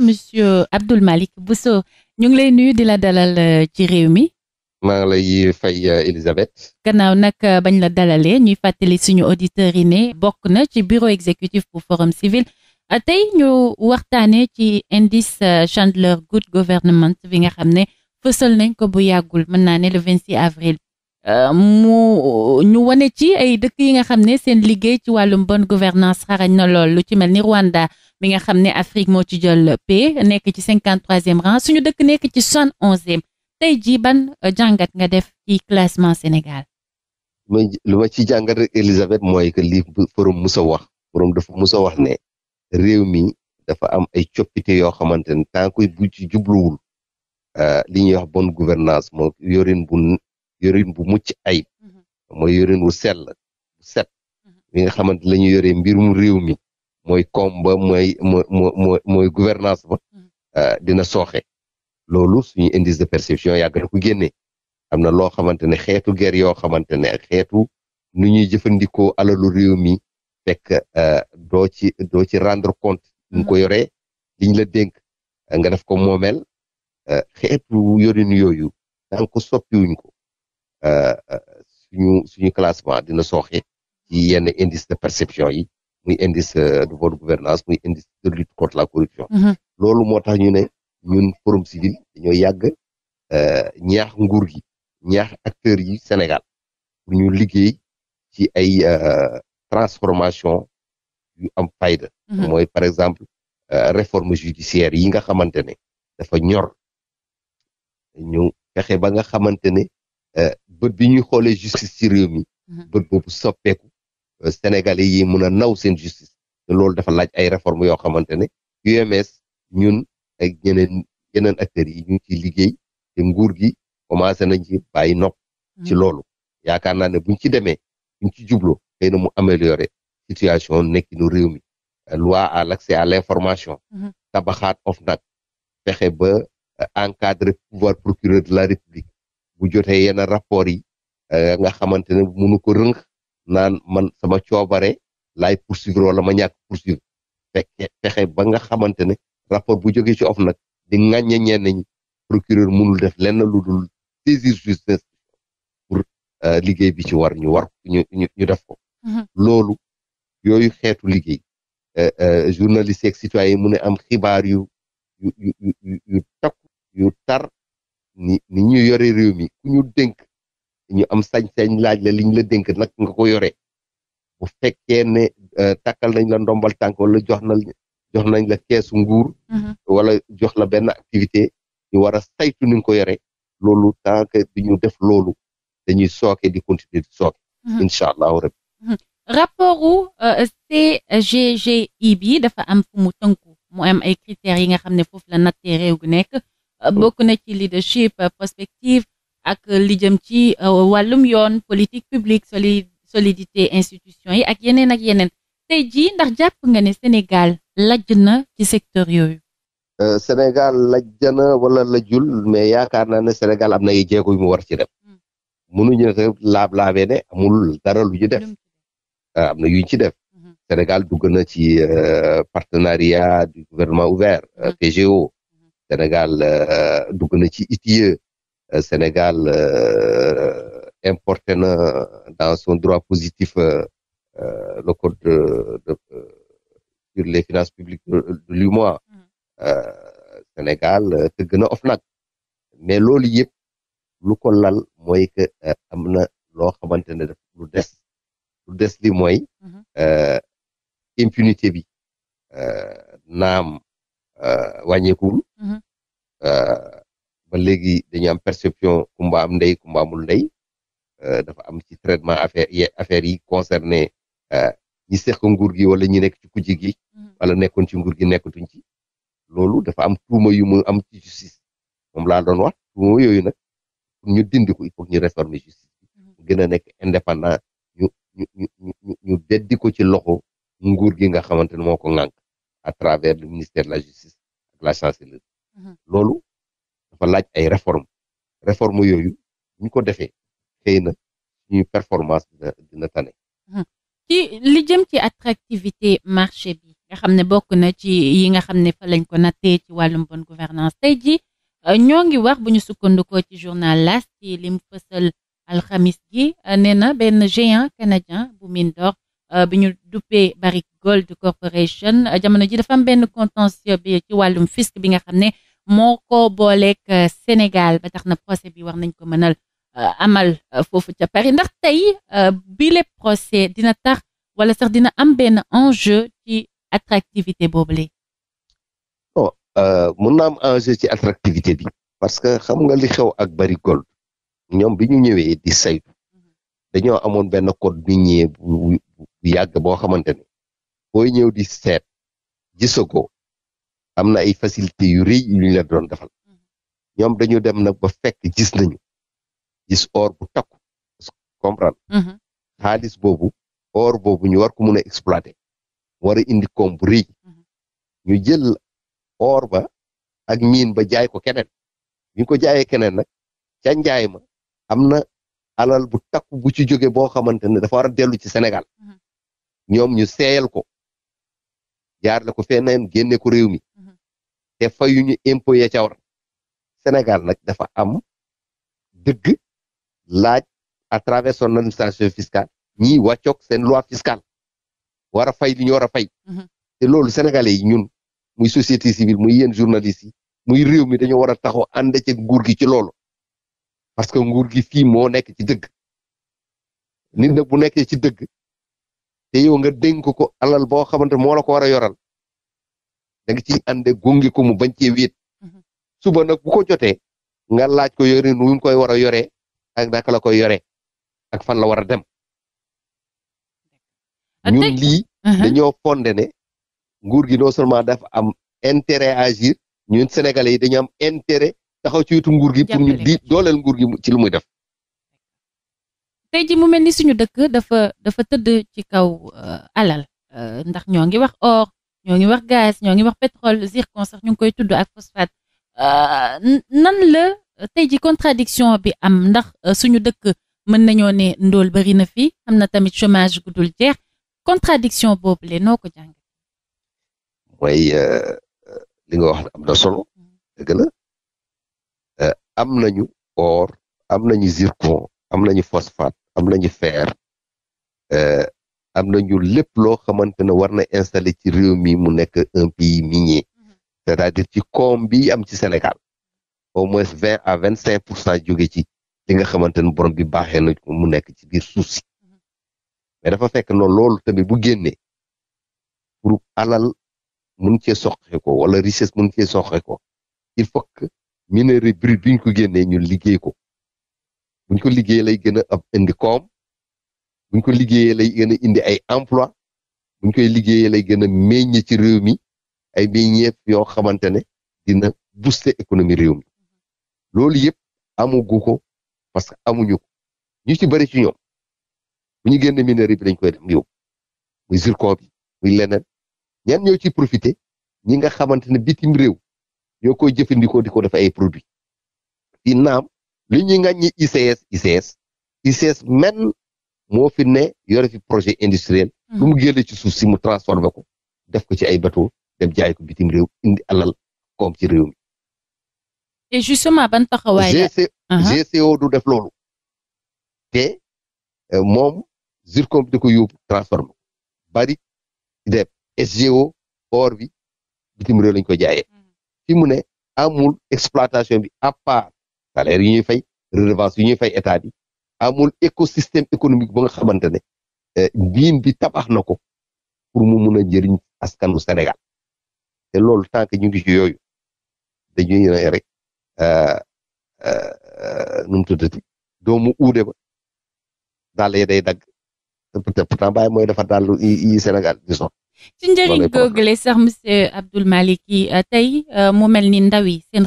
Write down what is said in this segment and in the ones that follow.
monsieur Abdoul Malick Bousso ñu ngi lay nuyu di la dalal euh, ci réew mi. maa lay fay euh, Elisabeth. gannaaw nag euh, bañ la dalalee ñuy fàttali suñu auditeurs yi ne bokk na ci bureau exécutif bu forum civil tey ñu waxtaanee ci indice Chandler Good Government bi nga xam ne fësal nañ ko bu yàggul mën naa ne vingt 26 avril. Euh, mu ñu wane ci ay dëkk yi nga xam ne seen liggéey ci wàllum bonne gouvernance xarañ na lool lu ci mel ni Rwanda mi nga xam ne Afrique moo ci jël p nekk ci cinquante troisième rang suñu dëkk nekk ci soixante onzième tey jii ban euh, jàngat nga def ci classement Sénégal. lu ci jàngat rek mooy que li forom musa wax forom dafa musa wax ne réew mi dafa am ay coppite yoo xamante ne tant que bu ci jubluwul euh, li ñuy wax bonne gouvernance moom yorin bu yorin bu mucc ay mhm. mooy yorin wu sell bu set mhm. li nga xamante la ñu yoree mbirum réew mi mooy koom ba mooy mooy mooy mooy gouvernance ba mhm. ah, dina sooxe loolu suñu indice de perception yàgg na ko génnee am na loo xamante ne xeetu guerre yoo xamante ne xeetu nu ñuy jëfandikoo alalu réew mi fekk ah, doo ci doo ci rendre compte ñu ko yoree liñ la dénk nga def ko moomeel ah, xeetu yorinu yooyu daan ko soppiwuñ ko Euh, suñu suñu classement dina sooxe ci yenn indice de perception yi muy indice euh, de bonne gouvernance muy indice de lutte contre la corruption mm-hmm. loolu moo tax ñu ne ñun forum civil dañoo yàgg euh, ñaax nguur gi ñaax acteurs yi Sénégal pour ñu liggéey ci ay transformation yu am fayda mm-hmm. mooy par exemple réforme judiciaire yi nga xamante ne dafa ñor ñu fexe ba nga xamante ne bët bi ñuy xoolee justice ci réew mi mhm. bët boobu soppeeku euh, sénégalais yi mun a naw seen justice te loolu dafa laaj ay réformes yoo xamante ne UMS ñun ak ñeneen yeneen acteurs yi ñu ngi ciy liggéey te nguur gi commencé nañ ci bàyyi nopp mhm. ci loolu yaakaar naa ne buñ ci demee ñu ci jubloo xëy na mu améliorer situation nekkinu réew mi loi à l'accès à l'information mhm. tabaxaat OFNAC fexe ba euh, encadrer pouvoir procureur de la république bu jotee yenn rapport yi eh, nga xamante ne munu ko rënk naan man sama coobare laay poursuivre wala ma ñàkk poursuivre fekke fexe ba nga xamante ne rapport bu jógee ci OFNAC di ŋàññe ñenn ñi procureur munul def lenn lu dul saisir justice pour eh, liggéey bi ci war ñu war ñu def ko mm-hmm. loolu yooyu xeetu liggéey eh, journaliste yeeg citoyen mu ne am xibaar yu yu yu yu takku yu tar ni ni ñu yore réew mi ku ñu dénk ñu am sañ-sañ laaj la liñ la dénk nag nga ko yore bu fekkee ne euh, takkal nañ la dombal tànk wala jox na jox nañ la keesu nguur mhm. wala jox la benn activité ñu war a saytu ni nga ko yore loolu tant que du ñu def loolu dañuy sooke di continuer di sooke mhm. incha allahu rabbi mhm. rapportu euh, CGGI bi dafa am fu mu tënku mu am ay critères yi nga xam ne foofu la nattee réew gu nekk Euh, bokk na ci leadership euh, prospective ak euh, li jëm ci wàllum yoon politique publique soli solidité institution yi ak yeneen ak yeneen tey jii ndax jàpp nga ne Sénégal lajj na ci secteur yooyu. Sénégal lajj na wala lajjul mais yaakaar na ne Sénégal am na ay jéego yu mu war ci def. mënuñu hmm. rek laab laabee ne amul dara lu ñu def ah, am na yuñ ci def hmm. Sénégal dugg na ci partenariat du gouvernement ouvert hmm. PGO Sénégal euh, dugg na ci ITIE euh, Sénégal euh, importé dans son droit positif le code de, de sur les finances publiques de l'UEMOA mmh. Sénégal te gën mais loolu yëpp lu ko lal loo xamante ne def lu des li mooy mmh. impunité bi naam Euh, wàññeekuwul mhm. euh, ba léegi dañu am perception kumba am ndey kumba amul ndey euh, dafa am ci traitement affaire yi affaires yi concerné ñi seq nguur gi wala ñi nekk ci kujje gi mhm. wala nekkoon ci nguur gi nekkatuñ ci loolu dafa am tuuma yu mu am ci justice moom laa doon wax tuuma yooyu nag ñu dindi ko ñu réformer justice bi mhm. indépendant ñu ñu ñu deddi ko ci loxo nguur gi nga xamante ne moo ko ŋànk à travers le ministère de la justice ak la mhm. loolu dafa laaj ay réforme réforme yooyu ñu ko defee xëy na suñu performance dina tane mhm. ci li jëm ci attractivité marché bi nga xam ne bokk na ci yi nga xam ne fa ko nattee ci wàllum bonne gouvernance tey ji euh, ñoo ngi wax bu ñu sukkandikoo ci journal L'As ci lim fësal alxamis ji euh, nee na benn géant canadien bu mine d'or euh, ñu duppee Barrick Gold Corporation euh, jamono ji dafa am benn contentieux bi ci wàllum fisc bi nga xam ne moo ko booleeg euh, Sénégal ba tax na procès bi war nañ ko mënal euh, amal foofu ca Paris ndax tey bi le procès dina tax wala sax dina am benn enjeu ci attractivité boobu li bon mun na am enjeu ci attractivité bi parce que xam nga li xew ak bari gold ñoom bi ñu ñëwee di saytu mm-hmm. dañoo amoon benn code minier bu yàgg boo xamante ne booy ñëw di seet gisagoo am na ay facilité yu rii yu ñu la doon defal mm-hmm. ñoom dañu dem nag ba fekk gis nañu gis or bu takku comprendre mm-hmm. xaalis boobu or boobu ñu war ko mun a exploiter war a indi koom bu rëy mm-hmm. ñu jël or ba ak miin ba jaay ko keneen ñu ko jaayee keneen nag ca njaay ma am na alal bu takku bu ci jóge boo xamante ne dafa war a dellu ci Sénégal ñoom ñu seeyal ko jaar la ko feneen génne ku réew mi mhm. te fayuñu impôt ya ca war Sénégal nag dafa am dëgg laaj à travers son administration fiscale ñiy wàccoog seen loi fiscale war a fay li ñu war a fay mhm. te loolu sénégalais yi ñun muy société civile muy yéen journalistes yi muy réew mi dañoo war a taxaw ànd ci nguur gi ci loolu parce que nguur gi fii moo nekk ci dëgg ni na bu nekkee ci dëgg te yow nga dénk ko alal boo xamante moo la ko war a yoral da ci ciy ànde gunge ko mu bañ cee wéet mhm. suba nag bu ko jotee nga laaj ko yore nu mu koy war a yoree ak naka la koy yoree ak fan la war a dem. Ah, ñun lii mhm. dañoo fonde ne nguur gi non seulement dafa am intérêt à agir ñun sénégalais yi dañu am intérêt taxaw ci wetu nguur gi pour ñu di dooleel nguur gi ci lu muy def tey ji mu mel ni suñu dëkk dafa dafa tëdd ci kaw euh, alal euh, ndax ñoo ngi wax or ñoo ngi wax gaz ñoo ngi wax pétrole zircon sax ñu ngi koy tudd ak phosphate euh, nan la tey ji contradiction bi am ndax suñu dëkk mën nañoo ne ndool bari na fi am na tamit chomage gu jeex contradiction boobu le noo ko jàng way li nga wax am na solo mm. dëgg la am nañu or am nañu zircon am nañu phosphate am nañu fer euh, am ñu lépp loo xamante ne war na installé ci réew mi mu nekk un pays minier mm-hmm. c'est-à-dire ci koom bi am ci Sénégal au moins vingt à vingt cinq pour cent jóge ci li nga xamante ne borom bi baaxee na mu nekk ci biir suuf si mm-hmm. mais dafa fekk noonu loolu tamit bu génnee pour alal mun cee soqe ko wala richesse mun cee soqe ko il faut que minerai brut bi ñu ko génnee ñu liggéey ko buñ ko liggéeyee lay gën a indi koom buñ ko liggéeyee lay gën a indi ay emploi buñ koy liggéeyee lay gën a meññe ci réew mi ay meññeef yoo xamante ne dina booster économie réew mi loolu yëpp amugu ko parce que amuñu ko ñu ci bëri ci ñoom bu ñu génne minerai bi lañ koy dem yóbbu muy zircon bi muy leneen ñan ñoo ci profité ñi nga xamante ne bitim réew ñoo koy jëfandikoo di ko def ay produits fii li ñuy ngañ ñi ICS ICS ICS men moo fi yore fi projet industriel hmm. lu mu génne ci suuf si mu transformé ko def ko ci ay bateau dem jaay ko bitim réew indi alal koom ci réew mi et taxawaay la GCO uh-huh. du def loolu te euh, moom zircon bi da ko yóbbu transformé ko bari def SGO or bi bitim réew lañ ko jaayee hmm. fi mu ne amul exploitation bi à salaire yi ñuy fay redevance yi ñuy fay état bi amul écosystème économique ba nga xamante ne biim eh, bi tabax na ko pour mu mun jëriñ askanu Sénégal te loolu tant que ñu ngi ci yooyu dañuy ne rek eh, eh, nu mu tuddati uude ba daal ya day dagg te pourtant mooy dafa daal yi Sénégal di tey mu mel ni ndaw yi seen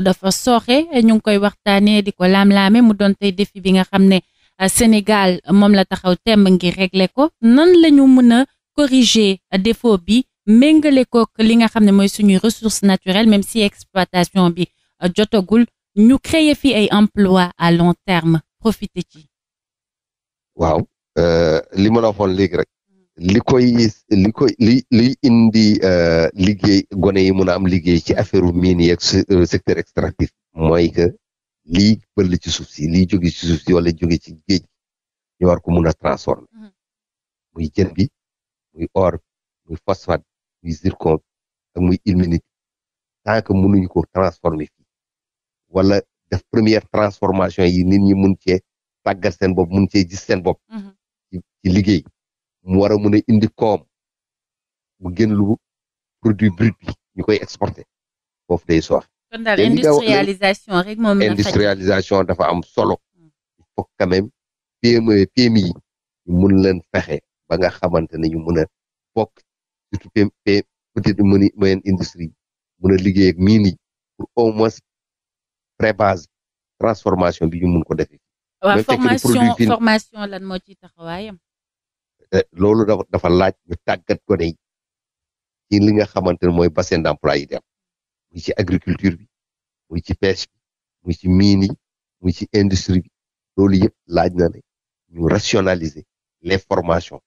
dafa sooxe ñu ngi koy waxtaanee di ko laam-laame mu doon tey défi bi nga xam ne euh, Sénégal moom la taxaw temb ngir régler ko nan la ñu mën a corriger défaut bi méngale ko li nga xam ne mooy suñuy ressources naturel même si exploitation bi euh, jotagul ñu créer fii ay emploi à long terme profiter ci waaw euh, li ma léegi rek li koy li koy li liy indi euh, liggéey gone yi mun a am liggéey ci affaire mine yeeg euh, secteur extractif mooy que lii bëll ci suuf si lii jóge ci suuf si wala jóge ci géej ñu war ko mun a transformer mm-hmm. muy jën bi muy or muy phosphate muy zircon ak muy ilménite tant que mënuñu ko transformer wala def première transformation yi nit ñi mun cee tàggat seen bopp mun cee gis seen bopp mm-hmm. ci liggéey mu war a mun a indi koom mu génn lu produit brut bi ñu koy exporté foofu day sooxe. kon daal industrialisation rek moom dafa am solo. il faut quand même PME PMI mun leen fexe ba nga xamante ne ñu mun a bokk surtout PM petite moyenne industrie yi mun a liggéey ak miin yi au moins pré-base transformation bi ñu mun ko formation lan moo ciy loolu dafa dafa laaj ñu tàggat ko ne ci li nga xamante ne mooy bassin d'emploi yi dem muy ci agriculture bi muy ci pêche bi muy ci mine yi muy ci industrie bi loolu yëpp laaj na ne ñu rationaliser le formations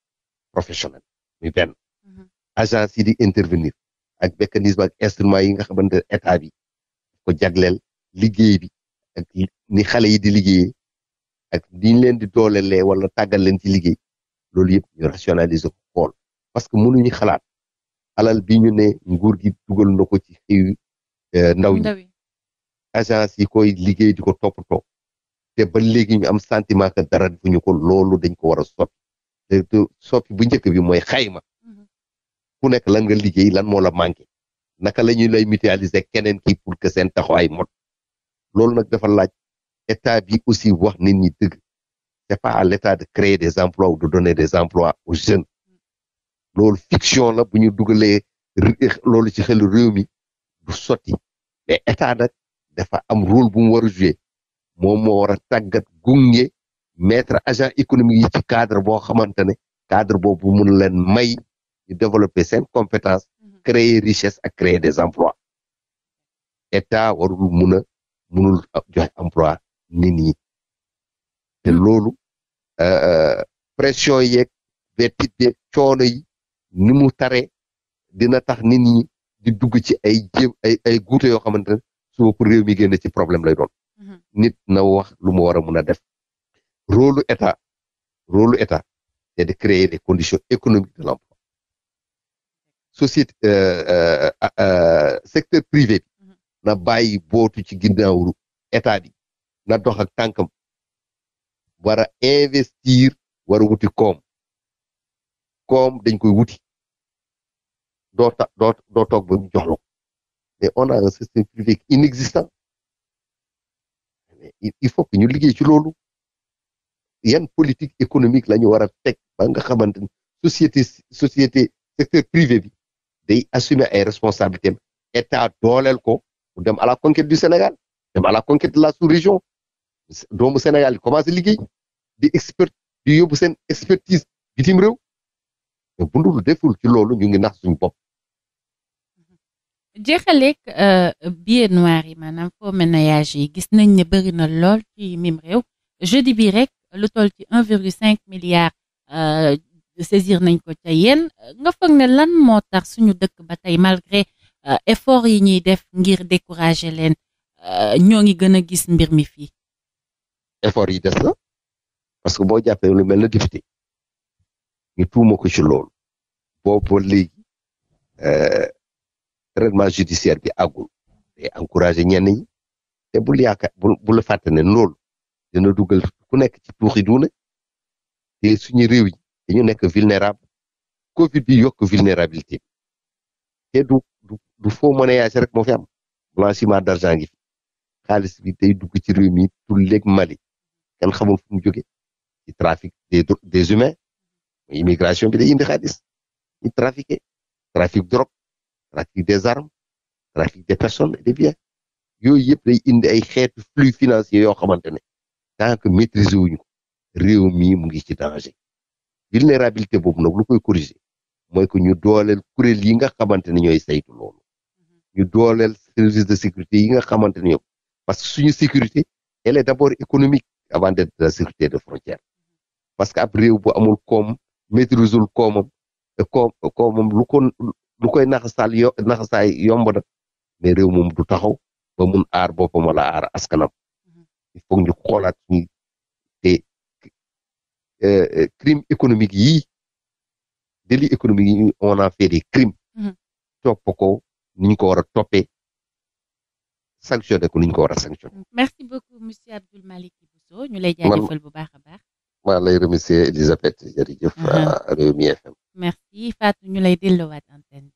professionnelles muy benn mhm. agence di intervenir ak mécanisme ak instrument yi nga xamante ne état bi ko jagleel liggéey bi ak ni xale yi di liggéeyee ak ni leen di doolelee wala tàggal leen ci liggéey loolu yëpp ñu rationaliser xool parce que mënuñu xalaat alal bi ñu ne nguur gi dugal na ko ci xëyu euh, ndaw ñi agence yi koy liggéey di ko toppatoo te ba léegi ñu am sentiment que dara ñu ko loolu dañ ko war a soppi te soppi bu njëkk bi mooy xayma mm-hmm. ku nekk lan nga liggéey lan moo la manqué naka lañu lay mutualiser keneen kii pour que seen taxawaay mot loolu nag dafa laaj état bi aussi wax nit ñi dëgg c'est pas à l'État de créer des emplois ou de des emplois aux jeunes loolu fiction la bu ñu dugalee loolu ci xel réew du sotti mais état nag dafa am rôle bu mu war jouer moom moo war a tàggat gunge mettre agent économique yi ci cadre boo xamante ne cadre boobu mun leen may ñu développer seen compétence mhm. créer richesse ak créer des emplois état warul mun a munul joxe emploi nit ñi te loolu euh, euh, pression yeeg vertige beeg coono yi ni mu tare dina tax nit ñi di dugg ci ay jéem ay ay guute yoo xamante ne suba pour réew mi génn ci problème lay doon. Mm-hmm. nit na wax lu mu war a mun a def. rôle lu état rôle lu état c'est de créer les conditions économiques de l'emploi société euh, euh, euh secteur privé mm-hmm. na bàyyi bootu ci ginnaawu état bi na dox ak war a investir war a wuti koom kom dañ koy wuti doo ta doo doo toog ba mu jox la ko on a un système privé inexistant mais il faut que ñu liggéey ci loolu yan politique économique la ñu war a teg ba nga xamante ni société société secteur privé bi day assumer ay responsabilités état dooleel ko dem à la conquête du Sénégal dem à la conquête de la sous-région doomu Sénégal yi commencé liggéey di expert di expertise bitim réew mais bu deful ci loolu ñu ngi nax suñ bopp. Mm-hmm. jeexaleeg euh, billet noir yi maanaam faux ménage yi gis nañ ne bëri na lool ci mim réew jeudi bi rek lu toll ci 1,5 milliard euh, saisir nañ ko ca yéen nga foog ne lan moo tax suñu dëkk ba tey malgré euh, effort yi ñuy def ngir décourager leen ñoo ngi gën a gis mbir mi fii. effort yi des na parce que boo jàppee lu mel na député ñu tuuma ko ci loolu boobu léegi euh, traitement judiciaire bi àggul day encouragé ñenn ñi te bul yaakaar bul bul fàtte ne loolu dina dugal ku nekk ci tuuxi duuna te suñu réew yi dañu nekk vulnérable Covid bi yokk vulnérabilité te du du du faux monnayage rek moo fi am d'argent ngi fi xaalis bi dugg ci réew mi tulleeg kenn xamul fu mu jóge ci trafic des des humains immigration bi day indi xaalis ñu trafiqué trafic drop trafic des armes trafic des personnes et des biens yooyu yëpp day indi ay xeetu flux financier yoo xamante ne tant que maîtriser wuñu ko réew mi mu ngi ci danger vulnérabilité boobu nag lu koy corriger mooy que ñu dooleel kuréel yi nga xamante ne ñooy saytu loolu ñu dooleel service de sécurité yi nga xamante ne parce que suñu sécurité elle est d'abord économique avant d'être de la sécurité de frontière parce que ab réew bu amul koom maîtrisul koomam koom koomam lu ko lu koy naxasaal yo naxasaay yomb mais réew moom du taxaw ba mun aar boppam wala aar askanam il faut ñu xoolaat suñu te eh, eh, crime économique yi délit économique yi on a fait des crimes mm-hmm. topp ko ni ñu ko war a toppee sanctionné ko ni ñu Bousso ñu lay jaajëfal bu baax a baax. maa lay remercier Elisabeth jërëjëf. Mhm. Rewmi FM. merci Fatou ñu lay dellowaat antenne